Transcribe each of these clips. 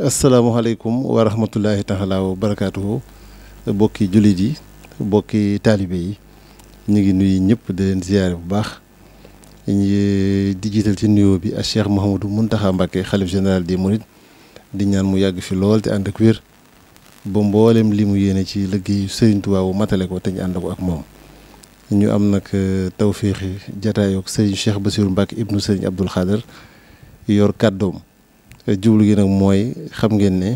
asalaamaaleykum wa rahmatullahi taala wa barakaatuhu bokki jullit yi bokki taalibe yi ñu ngi nuyu ñëpp di leen ziyaare bu baax ñu di jiital ci nuyoo bi ak Cheikh Mouhamadou Mountakha Mbacké xalif général des Mourides di ñaan mu yàgg fi lool te ànd ak wér ba mboolem li mu yéene ci liggéeyu Serigne Touba wu matale ko te ñu ànd ko ak moom ñu am nag euh, tawféexi jataayook Serigne Cheikh Bassirou Mbacké ibnu Serigne Abdoul Khader yor kàddoom jublu gi nag mooy xam ngeen ne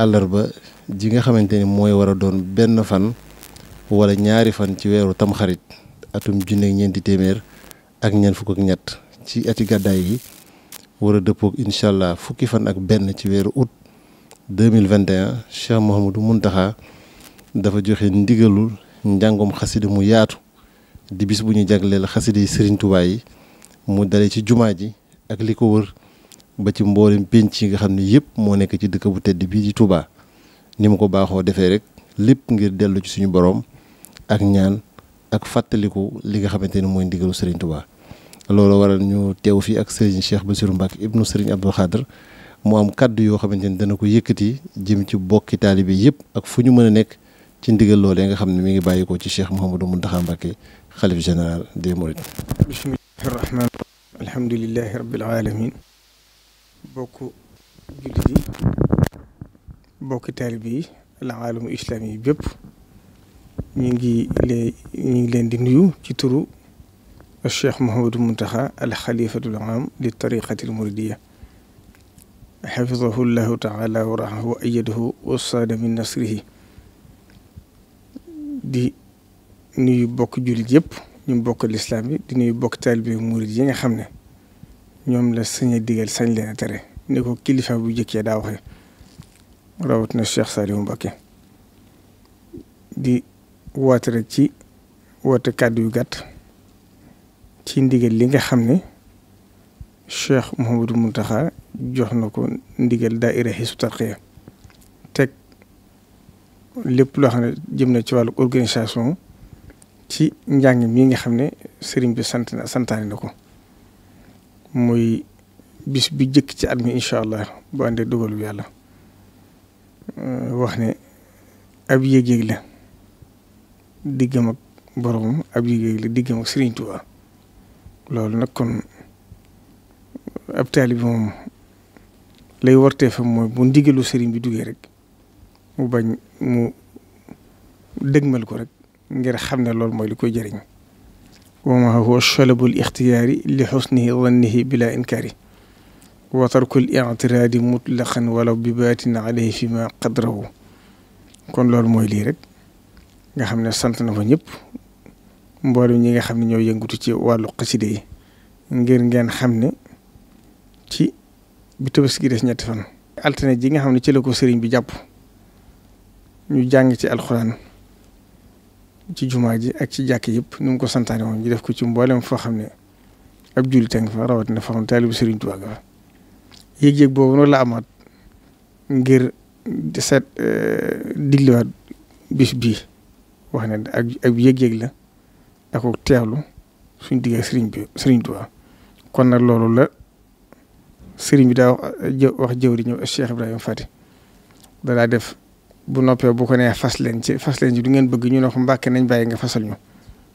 àllarba ji nga xamante ni mooy war a doon benn fan wala ñaari fan ci weeru tamxarit atum junne ak ñeenti téeméer ak ñeent fukk ak ñett ci ati gàddaay yi war a dëppoog incha allah fukki fan ak benn ci weeru août deux mille vingt et un Cheikh Mouhamadou Mountakha dafa joxe ndigalul njàngum xasida mu yaatu di bis bu ñu jagleel xasida yi Serigne yi mu dale ci jumaa ji ak li ko wër. ba ci mboolem pénc yi nga xam ne yëpp moo nekk ci dëkk bu tedd bii di Touba ni mu ko baaxoo defee rek lépp ngir dellu ci suñu boroom ak ñaan ak fàttaliku li nga xamante ne mooy ndigalu sëriñ Touba. loolu waral ñu teew fii ak Serigne Cheikh Bassirou Mbacke ibnu sëriñ Abdou Khadr mu am kàddu yoo xamante ni dana ko yëkkati jëm ci bokki taalibe yëpp ak fu ñu mën a nekk ci ndigal loolee nga xam ne mu ngi bàyyi ko ci Cheikh Mouhamadou Mountakha Mbacke xalif général des Mourides. bismillahi bokku jullit yi bokki alaalamu islaam yi bépp ñu ngi leen ñu ngi leen di nuyu ci turu Cheikh Mouhamadou Mountakha al xalifatul aam li tariqatil muridiya xafidahu llahu taala wa raxahu wa ayadahu min nasrihi di nuyu bokk jullit yëpp ñu bokk lislaam yi di nuyu bokk taalibe murid yi nga xam ne ñoom la sañ a digal sañ leen a tere ni ko kilifa bu jëkkee daa rawatina Cheikh Saliou Mbacké di woote ci woote kàddu yu gat ci ndigal li nga xam ne Cheikh Mouhamadou Mountakha jox na ko ndigal daaira Hizbut Tarqiyyah teg lépp loo xam ne jëm na ci wàllu organisation ci njàng mi nga xam ne sëriñ bi sant na santaane na ko. muy bis bi jëkk ci at mi incha allah bu àndee dogalu yàlla euh, wax ne ab yéeg-yéeg la diggam ak borom ab yéeg-yéeg la diggam ak Serigne Touba loolu nag kon ab taalibe moom lay wartee fa mooy bu ndigalu Serigne bi duggee rek mu bañ mu dëgmal ko rek ngir xam ne loolu mooy li koy jëriñ. wa ma huwa chalabu l ixtiyaari li xusnihi dannihi bila inkaari wa tarkul ictiraadi mutlaqan walaw bi baatin alayhi fi ma qadrahu kon loolu mooy lii rek nga xam ne sant na fa ñëpp mboolem ñi nga xam ne ñoo yëngutu ci wàllu xaside ngir ngeen xam ne ci bi Tabaski gi des ñetti fan altine ji nga xam ne ci la ko sëriñ bi jàpp ñu jàng ci alxuraan ci jumaa ji ak ci jàkk yëpp nu mu ko santaane woon ñu def ko ci mboolem foo xam ne ak jullit a fa rawatina foo xam ne taalibu Sëriñ Tuubaa nga fa yëg ngir seet euh, digliwaat bis bii wax ne ak ak la ak teewlu suñ digg Sëriñ bi Sëriñ Tuubaa kon nag loolu la sëriñ bi daa wax jëw wax jëwriñu Cheikh Fati da def bu noppee bu ko nee fas leen ci fas leen ci du ngeen bëgg ñu ne ko mbàkke nañ bàyyi nga fasal ñu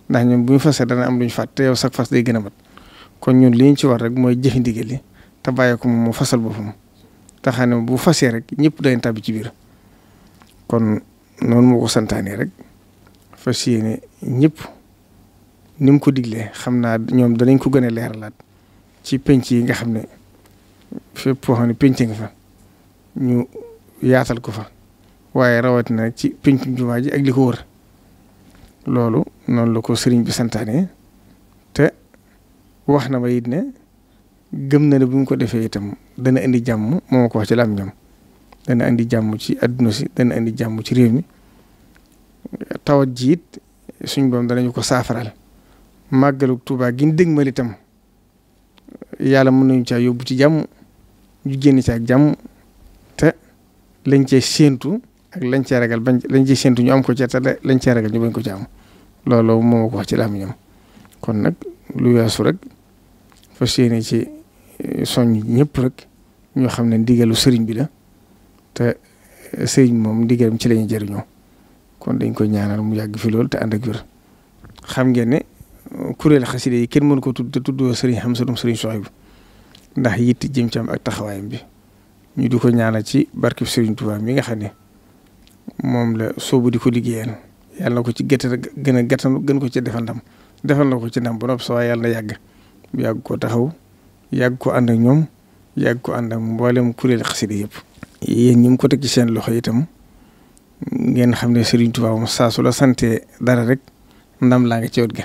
ndax ñun bu ñu fasee dana am lu ñu fàtt te yow sax fas day gën a mat kon ñun li ñu ci war rek mooy jëfi ndigal li te bàyyi ko moom mu fasal boppam te xam ne bu fasee rek ñëpp dañ tàbbi ci biir kon noonu moo ko rek fas yéene ñëpp ni mu ko diglee xam naa ñoom danañ ko gën a leeralaat ci penc yi nga xam ne fépp foo xam ne penc nga fa ñu yaatal ko fa. waaye rawatina ci pencum jumaa ji ak li ko wër loolu noonu la ko sëriñ bi santaane te wax na ma it ne gëm na ne bu ñu ko defee itam dana indi jàmm moo ko wax ci làmmiñam dana indi jàmm ci adduna si dana indi jàmm ci réew mi tawat jiit it suñ boom danañu ko saafaral màggalu Tuubaa gi ñu dëgmal itam yàlla mën nañu caa yóbbu ci jàmm ñu génn ci ak jàmm te lañ cee séentu ak lañ cee ragal bañ lañ ci séntu ñu am ko ca te lañ cee ragal ñu bañ ko ci am loolu moo ma ko wax ci laam kon nag lu weesu rek fas yéene ci eh, soññ ñëpp rek ñoo xam ne ndigalu sëriñ bi la te eh, sëriñ moom ndigalam ci lañu jëriñoo kon dañ ko ñaanal mu yàgg fi loolu te ànd ak xam ngeen ne eh, kuréel xaside yi kenn mënu ko tudd te tuddoo sëriñ Hamsatum sëriñ Soxibu ndax yitt jëm ci ak taxawaayam bi ñu di ko ñaanal ci barkeb sëriñ Tuubaa mi nga xam ne moom la soobu di ko liggéeyal yàlla na ko ci gëttal gën a gàttal gën ko ci defal ndam defal na ko ci ndam bu nopp sa waaye yàlla na yàgg yàgg ko taxaw yàgg ko ànd ak ñoom yàgg ko ànd ak mboolem kuréel xasida yëpp. yéen ñi mu ko teg ci seen loxo itam ngeen xam ne Serigne Touba moom saa su la sante dara rek ndam laa ngi ci wet ga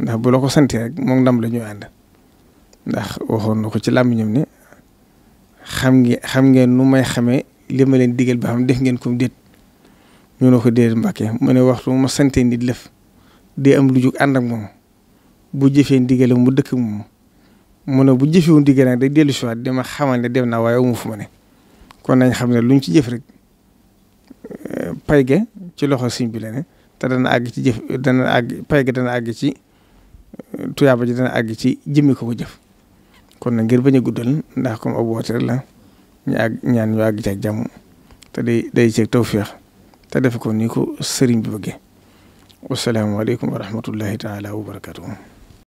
ndax bu la ko santee rek moom ndam la ñuy ànd ndax waxoon na ko ci làmmiñam ne xam ngeen xam ngeen nu may xamee li ma leen digal bi xam def ngeen ko déet. ñu ne ko déet Mbàkke mu ne waxtu ma sante nit lëf dee am lu jug ànd ak moom bu jëfee ndigale mu dëkk moom mu ne bu jëfewu ndigale nag day dellu si dema dama xamal ne dem naa waaye amu fu ma ne kon nañ xam ne luñ ci jëf rek eh, pay ci loxo sëñ bi la ne te dana àgg jëf dana àgg pay ga eh, ji dana àgg ci jëmmi ko ko jëf kon na ngir bañ a guddal ndax comme ab woote ñaan ñu àgg ci ak jàmm te day day ceeg tawféex def ko ni ko sëriñ bi bëggee wasalaamaaleykum wa rahmatullahi taala wa barakaatu.